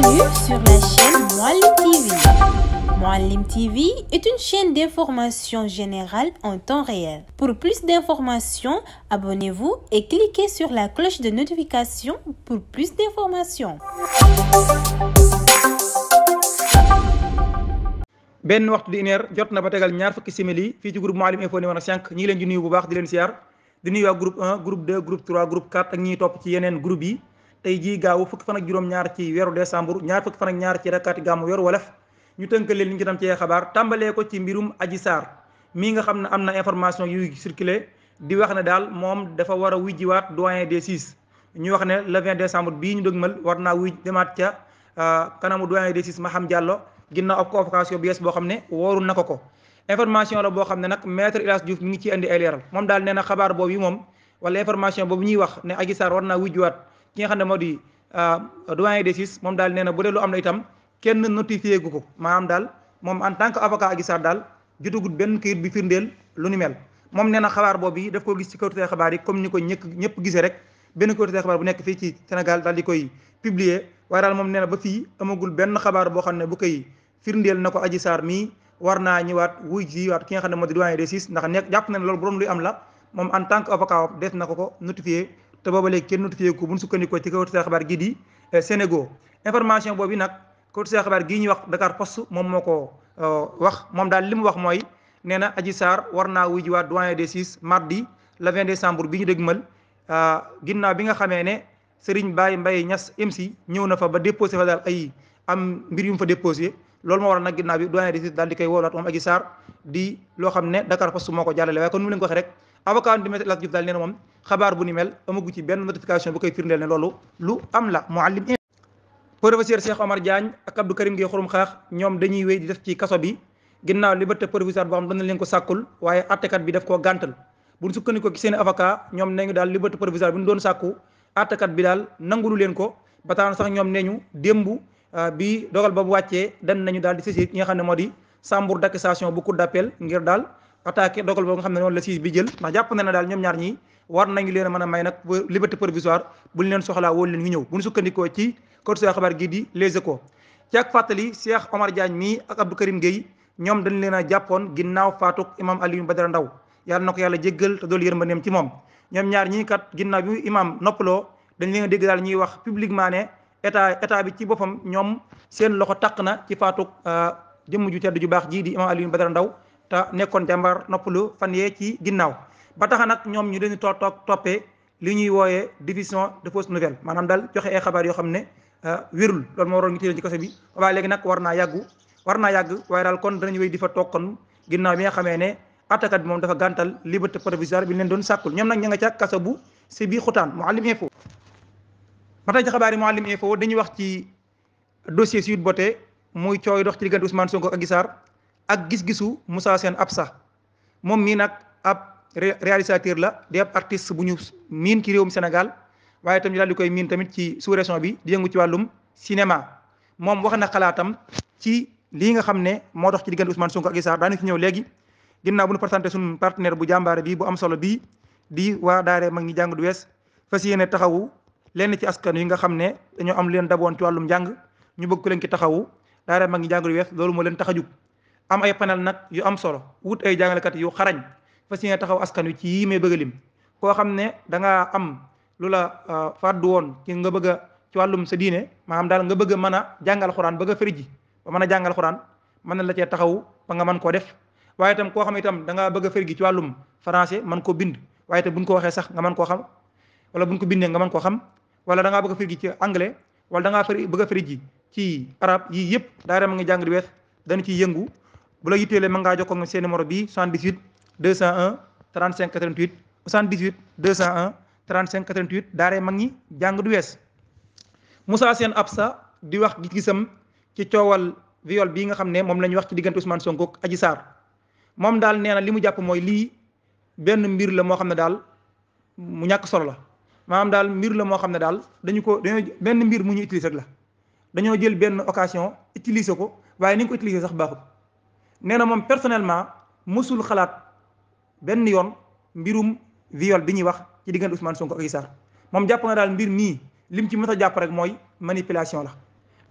bienvenue sur la chaîne Mouhalim TV. Mouhalim TV est une chaîne d'information générale en temps réel. Pour plus d'informations, abonnez-vous la cloche de notification pour plus d'informations. benn waxtu di jot na ba tegal ñaar fukki simili fii ci groupe Mouhalim Info numéro ñi leen di bu baax di leen siyaar di nuyu waa groupe 1 groupe 2 ak ñiy topp ci yeneen groupe yi. tey jii gaawu fukki fan ak juróom-ñaar ci weeru décembre ñaar fukki fan ak ñaar ci rakkaati gàmmu weeru wolof ñu tënkalee li ñu ci tam ci xabaar tàmbalee ko ci mbirum aji saar mii nga xam ne am na information yuy circulé di wax ne daal moom dafa war a wujjiwaat doyen des six ñu wax ne le 20 décembre bii ñu dëgmal war naa wuj demaat ca euh, kanamu doyen des six Maham Diallo ginnaaw ab convocation bu yees boo xam ne wooru na ko ko information la boo xam ne nag maître El Hadj Diouf mi ngi ay leeral moom daal nee na xabaar boobu yi moom wala information boobu ñuy wax ne aji saar war naa wujjiwaat ki nga xam ne moo di euh, doyen des juges moom daal nee na bu dee lu am na itam kenn notifié gu ko maanaam daal moom en tant que avocat Adji Sarr daal jotagut benn këyit bi firndeel lu ni moom nee na xabaar boobu yi daf koo gis ci kawtutee xabaar yi comme ni ko ñëkk ñëpp gisee rek benn kawtutee nekk fii ci Sénégal daal di koy publier waaye moom nee na ba fii amagul benn xabaar boo xam ne bu koy firndeel na ko Adji Sarr mii war naa ñëwaat wuy ji ki nga xam ne moo ndax nekk jàpp na ne loolu bu en tant que avocat des na ko ko notifié te booba léegi kenn notifié ko bu ñu sukkandikoo ci kawtu saa xabaar gi eh, nag kawtu saa xabaar gii ñuy wax Dakar Post moom moo ko eh, wax moom daal li mu wax mooy nee na Adji Sarr war naa wuy jiwaat doyen des six mardi le 20 décembre bi ñu dégmal eh, ginnaaw bi nga xamee ne Serigne Baye Mbaye Niass MC ñëw na fa ba déposé fa daal ay am mbir yu fa déposé loolu moo waral nag ginnaaw bi doyen des six daal di koy woolaat moom Adji Sarr di loo xam ne Dakar Post moo ko jàllale waaye kon mu leen ko moom xabaar bu ni mel amagu ci benn notification bu koy firndeel ne loolu lu am la muallim professeur Cheikh Omar Diagne ak Abdou Karim Gueye xurum xaax ñoom dañuy wey di def ci kaso bi ginnaaw liberté provisoire boo xam dañ leen ko sàkkul waaye attekat bi daf koo gàntal buñ sukkandikoo ci seen avocat ñoom nee ñu daal liberté provisoire bi ñu doon sàkku attekat bi daal nangulu leen ko ba tax sax ñoom nee ñu démb euh, bi dogal ba bu wàccee dan nañu daal di saisir ki nga xam ne moo di chambre d' accusation bu cour d' appel ngir daal attaqué dogal xam ne noonu la siis bi jël ndax jàpp na daal ñoom ñaar ñi war nañu leen mën a may nag liberté provisoire buñ leen soxla woon leen ñu ñëw bu buñ sukkandikoo ci côté xabaar gii di Les Échos ci ak fàttali Cheikh Omar Diagne mii ak Abdou Karim Gueye ñoom dañ leen a jàppoon ginnaaw faatuk imam Alioune Badara Ndaw yàlla na ko yàlla jéggal te doolu yërmandeem ci moom ñoom ñaar ñii kat ginnaaw bi imam noppaloo dañ leen a dégg daal ñuy wax publiquement ne état état bi ci boppam ñoom seen loxo taq na ci faatuk euh, jëm ju tedd ju baax jii di imam Alioune Badara Ndaw te nekkoon jàmbaar noppalu fan yee ci ginnaaw ba tax nag ñoom ñu dañu toog toog toppee li ñuy wooyee diffusion de fausse nouvelle maanaam daal joxe ay xabaar yoo xam ne euh, wérul loolu moo waroon ñu téye ci kaso bi waaye léegi nag war naa yàggu war naa yàgg waaye daal kon danañu wéy di fa toog kon ginnaaw bi nga xamee ne attakat bi moom dafa gàntal liberté provisoire bi leen doon sàkkul ñoom nag ña nga ca kaso bu si bii xutaan Mouhalim Info ba tey ci xabaar yi Mouhalim Info dañuy wax ci dossier Sweet Beauté muy cooy yi dox ci diggante Ousmane Sonko ak Adji Sarr ak gis-gisu Moussa Sène Absa moom mii nag ab réalisateur la di ab bu ñu miin ci réewum Sénégal waaye tamit ñu daal di koy miin tamit ci sous-région bi di yëngu ci wàllum cinéma moom wax na xalaatam ci lii nga xam ne moo dox ci diggante Ousmane Sonko ak Issa Sarr daanu ci ñëw léegi ginnaaw bu ñu présenté suñu partenaire bu jàmbaare bi bu am solo bii di waa daare mag ñi jàng du wees fas yéene taxawu lenn ci askan yi nga xam ne ñoo am leen daboon ci wàllum njàng ñu bëgg ko leen ci taxawu daare mag ñi jàng du wees loolu moo leen tax jug am ay panel nag yu am solo wut ay jàngalekat yu xarañ fas yéene taxaw askan wi ci yii may bëgg a lim koo xam ne da ngaa am lu la euh, fàddu woon ci nga bëgg a ci wàllum sa diine maanaam daal nga bëgg a mën a jàngal xuraan bëgg a firiji ba mën a jàngal xuraan mën na la cee taxaw ba nga mën koo def waaye tam koo xam itam da ngaa bëgg a firiji ci wàllum français mën koo bind waaye itam buñ ko waxee sax nga man koo xam wala buñ ko bindee nga mën koo xam wala danga ngaa bëgg a firiji ci anglais wala da ngaa fëri bëgg a firiji ci arab yëpp daara ma ngi jàng di wees dañu ciy yëngu bu la yitteelee mën ngaa jokkoo ak 201 35 88 78 201 35 88 daaree mag ñi jàng du wees seen ab sa di wax gis-gisam ci coowal viol bii nga xam ne moom la ñu wax ci diggante Ousmane Sonko ak Adji Sarr moom daal nee na li mu jàpp mooy lii benn mbir la moo xam ne daal mu ñàkk solo la maanaam daal mbir la moo xam ne daal dañu ko benn mbir mu ñu utiliser rek la dañoo jël benn occasion utiliser ko waaye ni ñu ko utiliser sax baaxut nee moom personnellement mosul xalaat. benn yoon mbirum viol bi ñuy wax ci diggante Ousmane Sonko ak Adji Sarr moom jàpp na daal mbir mii lim ci mën a jàpp rek mooy manipulation la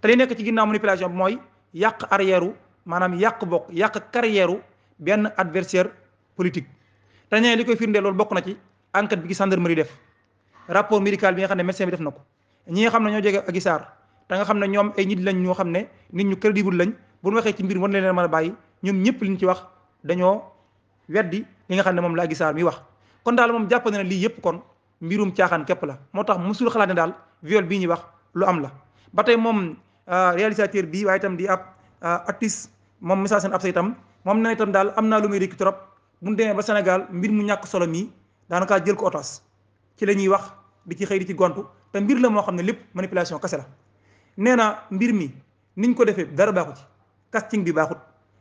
te li nekk ci ginnaaw manipulation bi mooy yàq arrière maanaam yàq bokk yàq carrière benn adversaire politique te ñee li koy firndee loolu bokk na ci enquête bi ci gendarmerie def rapport médical bi nga xam ne médecin bi def na ko ñi nga xam ne ñoo jege Adji Sarr te nga xam ne ñoom ay nit lañ ñoo xam ne nit ñu crédible lañ bu waxee ci mbir war na leen mën a bàyyi ñoom ñëpp liñ ci wax dañoo weddi li nga xam ne moom laa Adji Sarr mi wax kon daal moom jàpp na lii yëpp kon mbirum caaxaan képp la moo tax musul xalaat ne daal viol bi ñuy wax lu am la ba tey moom euh, réalisateur bi waaye itam di ab euh, artiste moom message seen ab sa itam moom na itam daal am naa lu muy rékki trop bu ñu demee ba Sénégal mbir mu ñàkk solo mii daanaka jël ko otas ci la ñuy wax di ci xëy di ci gontu te mbir la moo xam ne lépp manipulation kase la nee na mbir mi niñ ko defee dara baaxut ci casting bi baaxut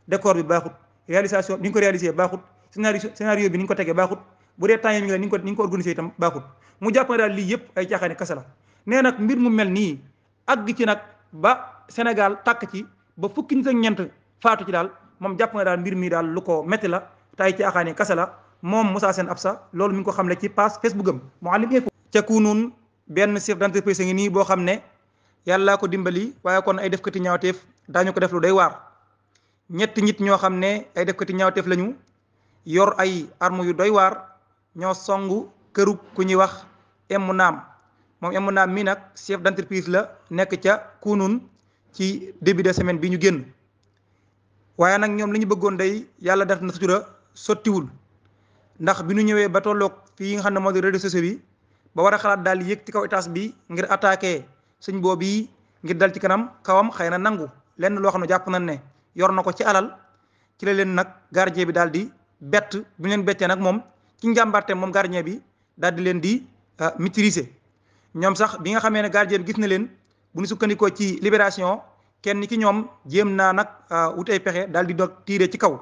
décor bi baaxut réalisation ni ko réalisé baaxut scénario scénario bi ni ñu ko tegee baaxut bu dee temps yi mi ngi ni ñu ko ni ñu ko baaxut mu jàpp ne daal lii yëpp ay caaxaane kasa la nee nag mbir mu mel nii àgg ci nag ba Sénégal takk ci ba fukki nit ak ñeent faatu ci daal moom jàpp ne daal mbir mi daal lu ko metti la te ay caaxaane kasa la moom seen Sène sax loolu mi ngi ko xam ne ci page Facebook am Mouhalim Info ca Kounoune benn chef d'entreprise ngi nii boo xam ne yàllaa ko dimbali waaye kon ay defkati ñaawteef daañu ko def lu day waar ñetti nit ñoo xam ne ay defkati ñaawteef lañu yor ay arme yu doy waar ñoo songu këru ku ñuy wax emu naam moom emu naam mii nag chef d'entreprise la nekk ca kunun ci début de semaine bi ñu génn waaye nag ñoom li ñu bëggoon day yàlla def na sutura sottiwul ndax bi ñu ñëwee ba tolloog fii nga xam ne moo di réseaux bi ba war xalaat daal yéeg ci kaw étage bi ngir attaqué suñ boobu yi ngir dal ci kanam kawam xëy na nangu lenn loo xam ne jàpp nañ ne yor na ko ci alal ci la leen nag gardien bi daal di bett bu leen bettee nag moom ci njàmbarte moom gardien bi daal di leen di euh, maîtriser ñoom sax bi nga xamee ne gardien bi gis na leen bu ñu sukkandikoo ci libération kenn ki ñoom jéem naa nag euh, wut ay pexe daal di doon tiire ci kaw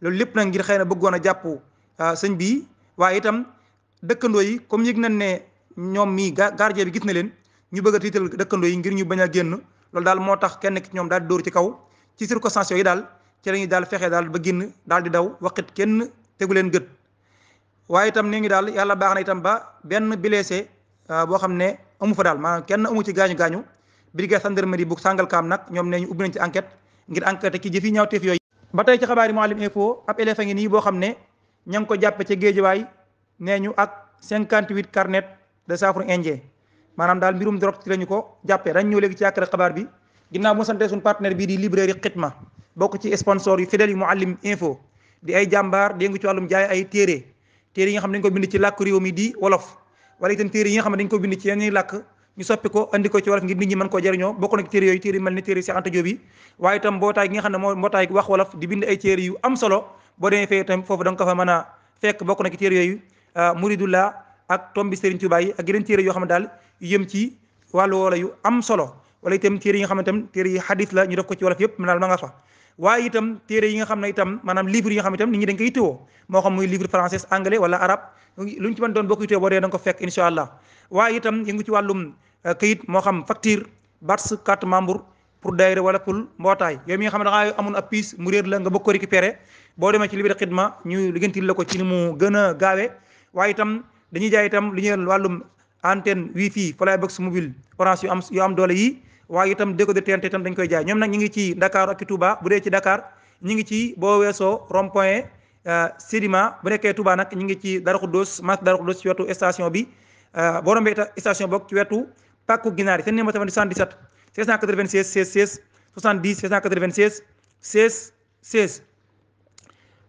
loolu lépp nag ngir xëy na bëggoon a jàpp euh, sëñ bi waaye itam dëkkandoo yi comme yëg nañ ne ñoom mii gardien bi gis na leen ñu bëgg a tiital dëkkandoo yi ngir ñu bañ a génn loolu daal moo tax kenn ki ñoom daal di dóor ci kaw ci circonstances yooyu daal. ci la ñuy daal fexe daal ba génn daal di daw waqit kenn tegu leen gët waaye itam nee ngi daal yàlla baax na itam ba benn blessé euh, boo xam ne amu fa daal maanaam kenn amu ci gaañu gaañu bi brigade gendarmerie sàngal kaam nag ñoom nee ñu ubbi nañ ci enquête ngir enquête ki jëfi ñaawteef yooyu. ba tey ci xabaari Mouhalim info ab élève ngi nii boo xam ne ña ngi ko jàppe ca waay nee ñu ak 58 carnet de saafara indien maanaam daal mbirum drogue ci la ko jàppee dañ léegi ci yàkkara xabaar bi ginnaaw bu ma partenaire bii di librairie Xitma bokk ci sponsor yu fidèle yu Mouhalim info di ay jàmbaar di yëngu ci wàllum jaay ay téere téere yi nga xam ne dañ ko bind ci làkk réew mi di wolof wala itam yi nga xam ne dañ ko bind ci yeneen làkk ñu soppi ko ko ci wolof ngir nit ñi mën koo jëriñoo téere yooyu téere mel ni téere Cheikh Anta Diop yi waaye itam mbootaay xam ne moo mbootaay wax wolof di bind ay téere am solo boo demee fee ko fa mën a fekk bokk na ci téere yooyu euh, Muridullah ak tombi Serigne Touba yi ak yeneen téere yoo xam ne daal yëm ci wàllu woola yu am solo wala itam téere yi xam ne itam téere yi xadis la ñu def ko ci wolof yëpp mën daal ma nga fa waaye itam téere yi nga xam ne itam maanaam livre yi nga xam ne itam nit ñi dañ koy yittewoo moo xam muy livre français anglais wala arabe luñ ci mën doon bokk yittewoo boo dee da nga ko fekk incha allah waaye itam yëngu ci wàllum euh, kayit moo xam facture bars carte membre pour daayira wala pour mbootaay yooyu mi nga xam ne da ngaa amoon ab piis mu réer la nga bëgg ko récupérer boo demee ci libéré xidma ñu liggéentil la ko ci ni mu gën a gaawee waaye itam dañuy jaay itam lu ñuy wàllum antenne wifi fly box mobile orange yu am yu am doole yi waaye itam déco de TNT itam dañ koy jaay ñoom nag ñu ngi ci Dakar ak Touba bu dee ci Dakar ñu ngi ci boo weesoo rond-point euh, Sédima bu nekkee tubaa nag ñu ngi ci Darou Khoudoss marché Darou Khoudoss ci wetu station bi euh, boo rombee station bokk ci wetu pàkku ginaar yi seen numéro téléphone 77 696 16 16 70 696 16 16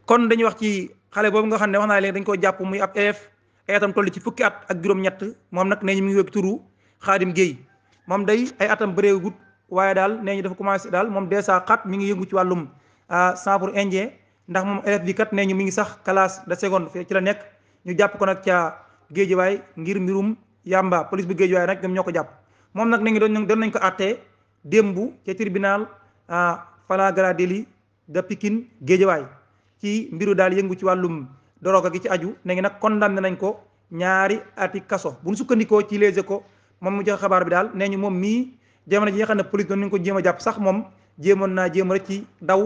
kon dañuy wax ci xale boobu nga xam ne wax naa leen dañ ko jàpp muy ab élève ay atam toll ci fukki at ak juróom-ñett moom nag nee ñu mu ngi wéeg turu Xaadim Guèye moom day ay atam bëreegut waaye daal nee ñu dafa commencé daal moom dèjà xat mu ngi yëngu ci wàllum ah, sabre indien ndax moom élève bi kat nee ñu mi ngi sax classe de seconde fee ci la nekk ñu jàpp ko nag ca géejiwaay ngir mbirum yàmba police bu géejiwaay nag ñoom ñoo ko jàpp moom nag nañu doon doon nañ ko àttee démbu ca tribunal ah, flagrant délit de Pikine géejiwaay ci mbiru daal yëngu ci wàllum drogue gi ci aju ne ngi nag condamné nañ ko ñaari ati kaso bu ñu sukkandikoo ci Les ko moom mu joxe xabaar bi daal nee ñu moom mii jamono ji nga xam ne police ko jéem a jàpp sax moom jéemoon naa jéem rek ci daw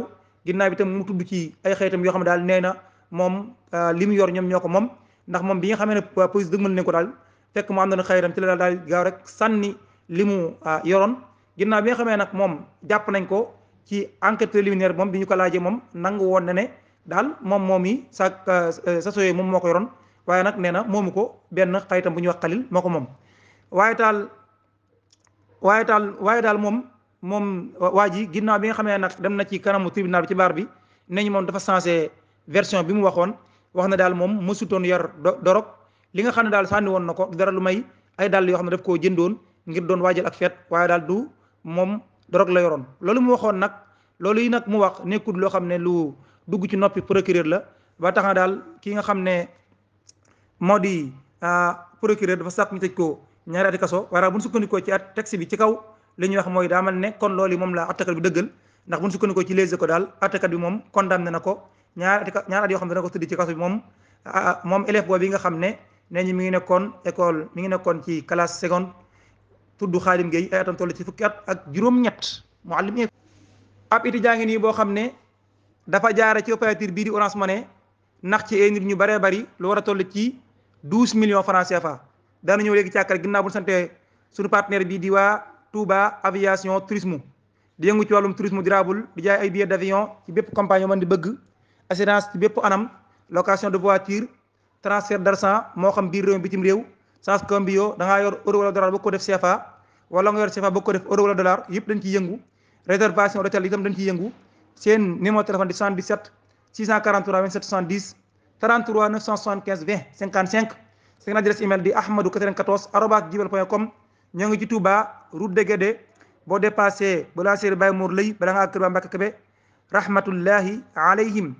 ginnaaw bi tam mu tudd ci ay xeetam yoo xam ne daal nee na moom euh, li yor ñoom ñoo ko moom ndax moom bi nga xamee ne euh, police dëgmal nañ ko daal fekk mu am na xayram ci la daal gaaw sànni li mu euh, yoroon ginnaaw bi nga xamee nag moom jàpp nañ ko ci enquête préliminaire bi moom bi ñu ko laajee moom nangu woon na ne daal moom moom yi sa sa soyee moom moo ko yoroon waaye nag nee na moomu ko benn xayitam bu ñu wax xalil moo ko moom waaye taal waaye taal waaye daal moom moom waa ji ginnaaw bi nga xamee nag dem na ci kanamu tribunal bi ci baar bi nañ moom dafa changé version bi mu waxoon wax na daal moom mësutoon yor dorog li nga xam ne daal sànni woon na ko dara lu may ay dàll yoo xam ne daf koo jëndoon ngir doon waajal ak feet waaye daal du moom dorog la yoroon loolu mu waxoon nag loolu yi nag mu wax nekkul loo xam ne lu dugg ci noppi procureur la ba tax na daal ki nga xam ne moo di ah, procureur dafa sàkk ñu ñaari ati kaso waaye bu ñu sukkandikoo ci at texte bi ci kaw li ñuy wax mooy daa mel ne kon loolu yi moom la attakat bi dëggal ndax bu ñu sukkandikoo ci les échos daal attakat bi moom condamné na ko ñaari ati ñaari xam ne dana ko tëdd ci kaso bi moom ah, ah, moom élève bi nga xam ne nee ñu mi ngi nekkoon école mi ngi nekkoon ci classe seconde tudd Xaadim Gueye ay atam toll ci fukki at ak juróom-ñett muallim ab étudiant ngi nii boo xam ne dafa jaare ci opérateur bii di Orange Money nax ci ay nit ñu baree bari lu a toll ci douze millions francs CFA daana ñëw léegi càkkar ginnaaw bu sante suñu partenaire bi di waa Touba aviation tourisme di yëngu ci wàllum tourisme durable di jaay ay billets d'avion ci bépp compagnie man di bëgg assurance ci bépp anam location de voiture transfert d'argent moo xam biir réew bitim réew sans cambio da ngaa yor euro wala dollar ba ko def CFA wala nga yor CFA ba ko def euro wala dollar yëpp dañ ciy yëngu réservation d'hôtel itam dañ ciy yëngu seen numéro téléphone di 77 643 27 70 33 975 seen adresse email di ahmadou 94 arobas gmail point com ñoo ngi ci Touba route de Guédé boo dépassé balaa séeri Baye Mour lëy bala ak kër ba Mbàkke Kebe rahmatullahi alayhim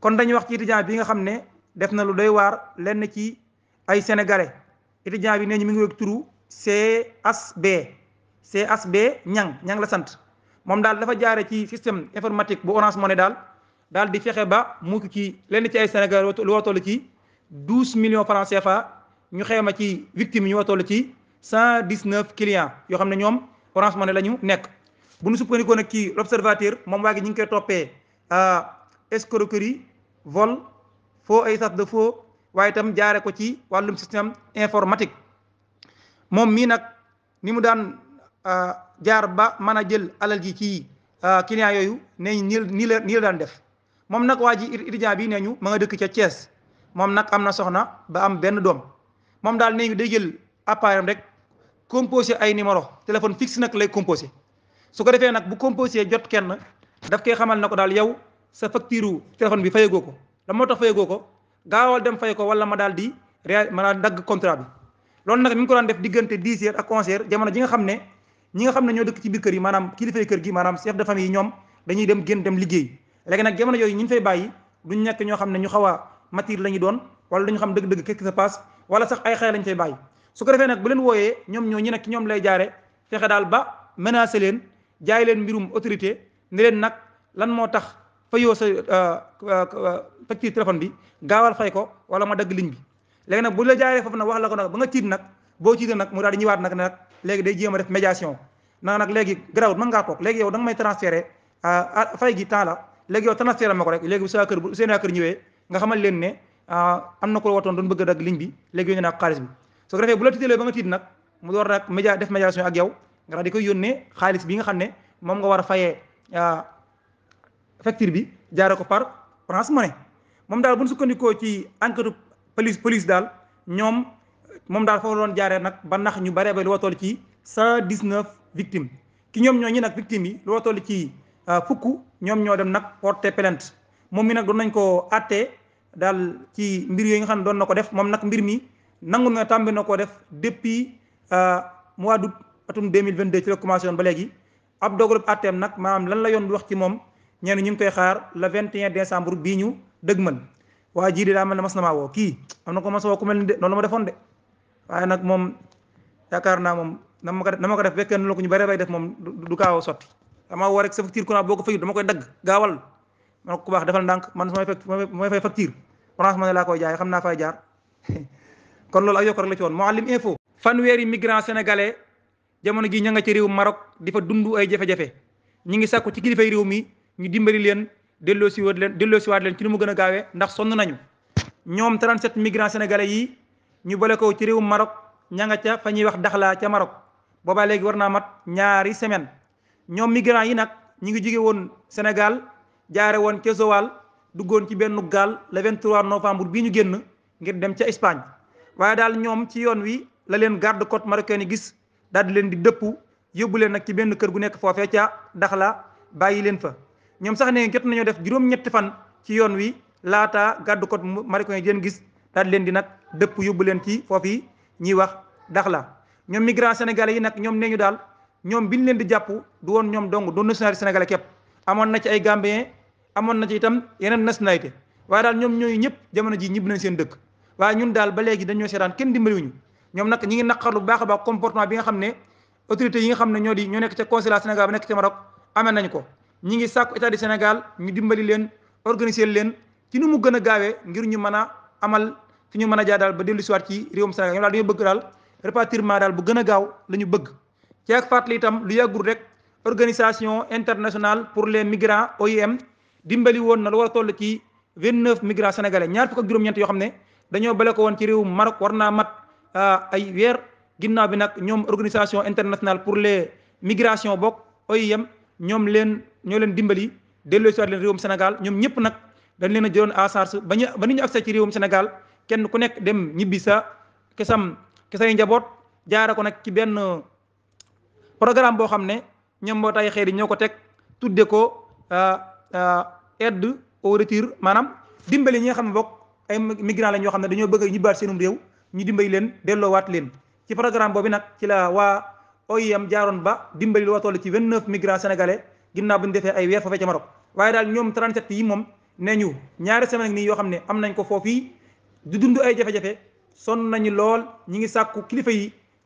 kon dañuy wax ci étudiant bi nga xam ne def na lu doy waar lenn ci ay sénégalais étudiant bi nee ñi mi ngi wéeg turu CSB CSB ñang ñang la sant moom daal dafa jaare ci système informatique bu Orange ne daal daal di fexe ba mukk ci lenn ci ay sénégalais lu toll ci douze million francs fa ñu ma ci victime ñu war toll ci cent dix neuf yoo xam ne ñoom Orange ne la ñu nekk bu ñu sukkandikoo nag ci l'observateur moom waa gi ñu ngi koy toppee euh, escroquerie vol faux ay sas de faux waaye itam jaare ko ci wàllum système informatique moom mii nag ni mu daan euh, jaar ba mën a jël alal ji ci euh, clients yooyu ne nii nii la nii daan def moom nag waa ji étudiant bi nee ñu ma nga dëkk ca Thiès moom nag am na soxna ba am benn doom moom daal nee day jël appareil am rek composé ay numéro téléphone fixe nag lay composé su ko defee nag bu composé jot kenn daf koy xamal ne ko daal yow sa facture téléphone bi fayagoo ko la moo tax fayagoo ko gaawal dem fay ko wala ma daal di ré ma daal dagg contrat bi loolu nag mi ko daan def diggante 10 heures ak 11 heures ji nga xam ne ñi nga xam ne ñoo dëkk ci biir kër yi maanaam kilifay kër gi maanaam chef de famille yi ñoom dañuy dem génn dem liggéey léegi nag jamono yooyu ñu fay bàyyi duñ nekk ñoo xam ne ñu xaw a matière la ñu doon wala duñu xam dëgg-dëgg qu'est-ce qui se passe wala sax ay xel lañ cay bàyyi su ko defee nag bu leen wooyee ñoom ñoo ñi nag ñoom lay jaare fexe daal ba menacer leen jaay leen mbirum autorité ne nag lan moo tax fayoo sa euh, euh, facture téléphone bi gaawal fay ko wala ma dagg ligne bi léegi nag bu la foofu nag wax la ko nag ba nga tiit nag boo tiitee nag mu daal di ñëwaat léegi day jéem médiation na nag léegi garawut mën ngaa toog léegi yow da may transféré euh, fay gi temps la léegi yow transféré ma ko rek léegi bu sa kër bu seen waa kër ñëwee nga xamal leen ne ah, am na ko watoon doon bëgg a dagg ligne bi léegi yónnee naa xaalis bi soo ko defee bu la tiitalee ba nga tiit nag mu door nag média def médiation ak yow nga daal di koy yónnee xaalis bi nga xam ne moom nga war a fayee ah, facture bi jaaree ko par Orange Money moom daal bu ñu sukkandikoo ci enquête police police daal ñoom moom daal foofu doon jaaree nag ba nax ñu baree ba lu wa ci cent dix neuf victimes ki ñoom ñoo ñi nag victimes yi lu wa ci ah, fukk ñoom ñoo dem nag porter plainte moom mi nag doon nañ ko àttee daal ci mbir yooyu nga xam ne doon na ko def moom nag mbir mi nangu na tàmbi na koo def depuis euh, mois d'août atum 2022 ci la commencé woon ba léegi ab dogalub àtteem nag maanaam lan la yoon wax ci moom ñenn ñu ngi koy xaar le 21 décembre bii ñu dëgmal waa jii de daa mel na mas na maa woo kii am na ko mas woo ku mel ni de noonu la ma defoon de waaye nag moom yaakaar naa moom na ma ko def na ma ko def fekkee ne la ko ñu bëree a sotti damaa woo boo ko dama koy dagg gaawal. man ku baax defal ndànk man su may fekk may fay facture orange man laa koy jaay xam naa fay jaar kon loolu ak yokk rek la ci woon Mouhalim info fanweeri migrant sénégalais jamono gi ña nga ci réew Maroc di fa dund ay jafe-jafe ñi ngi sàkku ci kilifay réew mi ñu dimbali leen delloosiwaat leen delloosiwaat leen ci nu mu gën a gaawee ndax sonn nañu ñoom 37 migrants sénégalais yi ñu boole ko ci réew Maroc ña nga ca fa ñuy wax daxlaa ca Maroc boobaa léegi war naa mat ñaari semaine ñoom migrants yi nag ñi ngi jóge woon Sénégal jaare woon ca Sowal duggoon ci benn gaal le 23 novembre bii ñu génn ngir dem ca Espagne waaye daal ñoom ci yoon wi la leen garde côte marocaine yi gis daal di leen di dëpp yóbbu leen nag ci benn kër gu nekk foofee ca Daxla bàyyi leen fa ñoom sax ne jot nañoo def juróom fan ci yoon wi laata garde côte marocaine yi di gis daal leen di nag dëpp yóbbu leen ci foofu ñuy wax dax la ñoom migrants sénégalais yi nag ñoom nee ñu daal ñoom bi ñu leen di jàpp du woon ñoom dong doon nationalité sénégalais kepp amoon na ci ay gambien amoon na ci itam yeneen nationalité waaye daal ñoom ñooyu ñëpp jamono ji ñibb nañ seen dëkk waaye ñun daal ba léegi dañoo seetaan kenn dimbaliwuñu ñoom nag ñi ngi naqarlu lu baax a baax comportement bi nga xam ne autorité yi nga xam ne ñoo di ñoo nekk ca consulat Sénégal ba nekk ca Maroc amee nañ ko ñi ngi sàkku état du Sénégal ñu dimbali leen organiser leen ci nu mu gën a gaawee ngir ñu mën a amal fi ñu mën a jaar daal ba dellu siwaat ci réewum Sénégal ñoom daal dañoo bëgg daal répartirement daal bu gën a gaaw la bëgg ci ak fàttali itam lu yàggul rek organisation internationale pour les migrants OIM dimbali woon na lu war a toll ci vingt neuf migrants sénégalais ñaar fukk ak juróom-ñeent yoo xam ne dañoo bale ko woon ci réewum Maroc war naa mat euh, ay weer ginnaaw bi nag ñoom organisation internationale pour les migrations bokk OIM ñoom leen ñoo leen dimbali delloo si waat leen réewum Sénégal ñoom ñëpp nag dañ leen a jëloon à charge ba ñu ba ñu accès ci réewum Sénégal kenn ku nekk dem ñibbi sa kesam kesay njaboot jaara ko nag ci benn programme boo xam ne. ñoom mbootaay xeer yi ñoo ko teg tudde ko euh, euh, aide au retour maanaam dimbali ñi nga xam mbokk bokk ay migrants la ñoo xam ne dañoo bëgg a ñibbaat seenum réew ñu dimbali leen dellowaat leen ci programme boobu nag ci la waa OIM jaaroon ba dimbali lu toll ci vingt neuf migrants sénégalais ginnaaw bu ñu defee ay weer foofee ca Maroc waaye daal ñoom 37 yi moom nee ñu ñaari semaine nii yoo xam ne am nañ ko foofu du dund ay jafe-jafe sonn nañu lool ñi ngi sàkku kilifa yi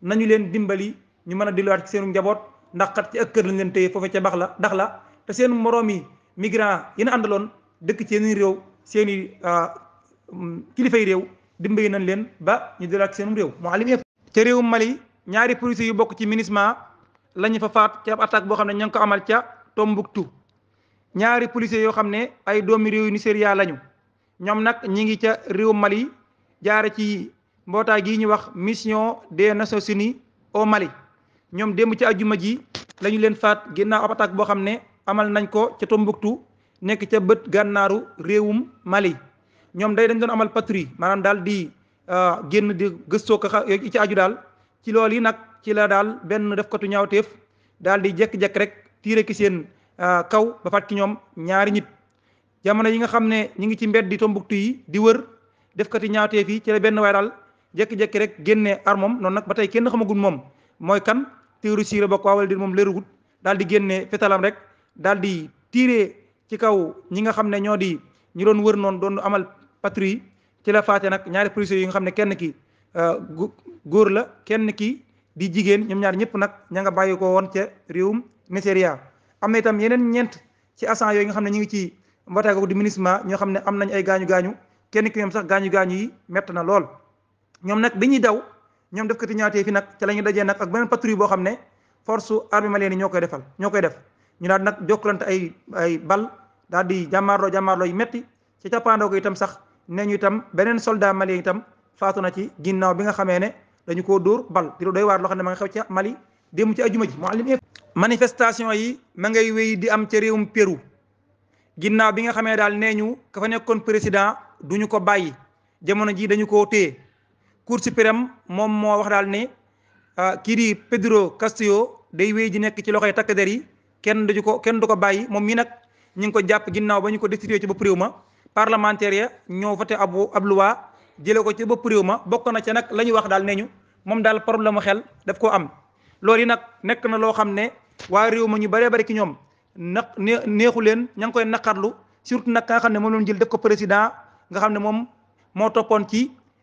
nañu leen dimbali ñu mën a delluwaat seenu njaboot ndax xat ci ak kër lañ leen téye foofu ca bax la ndax la te seen moroom yi migrant yi na dëkk ci yeneen réew seen i ah, kilifay réew dimbali nañ leen ba ñu dalaat seenum réew muallim yëpp ca réewum Mali ñaari policiers yu bokk ci MINUSMA la ñu fa faat ca attaque boo xam ne ña ngi ko amal ca Tombouctou ñaari policiers yoo xam ne ay doomi réew yu Nigéria lañu ñoom nag ñi ngi ca réewum Mali jaare ci mbootaay gi ñu wax mission des Nations Unies au Mali ñoom démb ci ajuma ji la leen faat ginnaaw ab boo xam ne amal nañ ko ca Tombouctou nekk ca bët gànnaaru réewum Mali ñoom day dañ doon amal patrouille maanaam daal di euh, génn di gëstoo ko ci aju daal ci lool yi nag ci la daal benn def katu ñaawteef daal di jekk-jekk rek tiire ki seen euh, kaw ba faat ki ñoom ñaari nit jamono yi nga xam ne ñi ngi ci mbedd di Tombouctou yi di wër def kati ñaawteef yi ci la benn waay daal jekk-jekk rek génne armom noonu nag ba tey kenn xamagul moom mooy kan tiiru siira ba ko awal moom leerugut daal di génne fetalam rek daal di tiire ci kaw ñi nga xam ne ñoo di ñu doon wër noon doon amal patrouille ci la faate nag ñaari policiers yi nga xam ne kenn ki euh, góor la kenn ki di jigéen ñoom ñaar ñëpp nag ña nga bàyyi ko woon ca réewum Nigeria am na itam yeneen ñeent ci agent yooyu nga xam ne ñu ngi ci mbootaay googu di MINUSMA ñoo xam ne am nañ ay gaañu gaañu kenn ki ñoom sax gaañu gaañu yi mett na lool ñoom nag bi ñuy daw ñoom def kati ñaawtee fi nag ca la ñu dajee nag ak beneen patrouille boo xam ne force armée malienne ñoo koy defal ñoo koy def ñu daal nag jokkalante ay ay bal daal di jàmmaarloo jàmmaarloo yi metti ci cappaandoo ko itam sax nee ñu itam beneen soldat malien itam faatu na ci ginnaaw bi nga xamee ne dañu ko dóor bal di doy waar loo xam ne ma nga xew ca Mali démb ci ajuma ji Mouhalim manifestation yi ma ngay wéy di am ca réewum Pérou ginnaaw bi nga xamee daal nee ñu ka nekkoon président duñu ko bàyyi jamono ji dañu koo téye cour suprême moom moo wax daal ne ah, kii di Pedro Castillo day wéy ji nekk ci loxoy takk der yi kenn du ko kenn du ko bàyyi moom mii nag ñu ngi ko jàpp ginnaaw ba ñu ko destitué ci bopp réew ma parlementaire ya ñoo voté ab ab jëlee ko ci bopp réew ma bokk na ca nag la ñu wax daal ne ñu moom daal problème mu xel daf ko am loolu yi nag nekk na loo xam ne waa réew ma ñu bëree bëri ki ñoom na neexu leen ña ngi koy naqarlu surtout nag ka nga xam ne moom la jël def ko président nga xam ne moom moo toppoon ci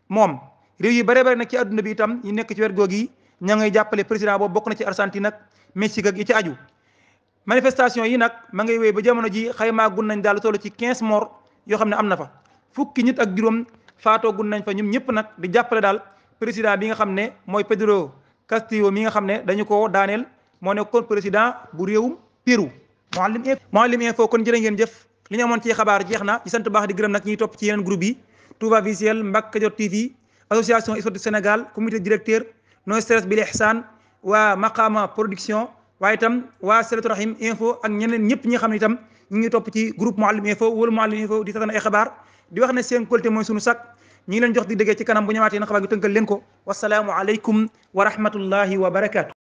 moom. réew yi bare bare nag ci àdduna bi itam ñu nekk ci wet googu yi ña ngay jàppale président boobu bokk na ci Argentine ak Mexique ak yi ci aju manifestation yi nag ma ngay wéy ba jamono ji xayma gun nañ daal toll ci 15 morts yoo xam ne am na fa fukki nit ak juróom faatoo gun nañ fa ñoom ñëpp nag di jàppale daal président bi nga xam ne mooy Pedro Castillo mi nga xam ne dañu ko daaneel moo nekkoon président bu réewum Pérou Mouhalim Mouhalim Info kon jërë ngeen jëf li ñu amoon xabaar jeex na sant baax di gërëm nag ñuy topp ci yeneen groupe yi Touba Visuel Mbacke Kadior TV association sport du Sénégal comité directeur no stress bil ihsan waa maqama production waaye itam waa Silatu Rahim info ak ñeneen ñëpp ñi xam ne itam ñu ngi topp ci groupe Mouhalim info wala Mouhalim info di tatan ay xabaar di wax ne seen colté mooy sunu sakk ñu ngi leen jox di déggee ci kanam bu ñëwaatee na xabaar gi tënkal leen ko wasalaamu aleykum wa rahmatullahi wa barakaatu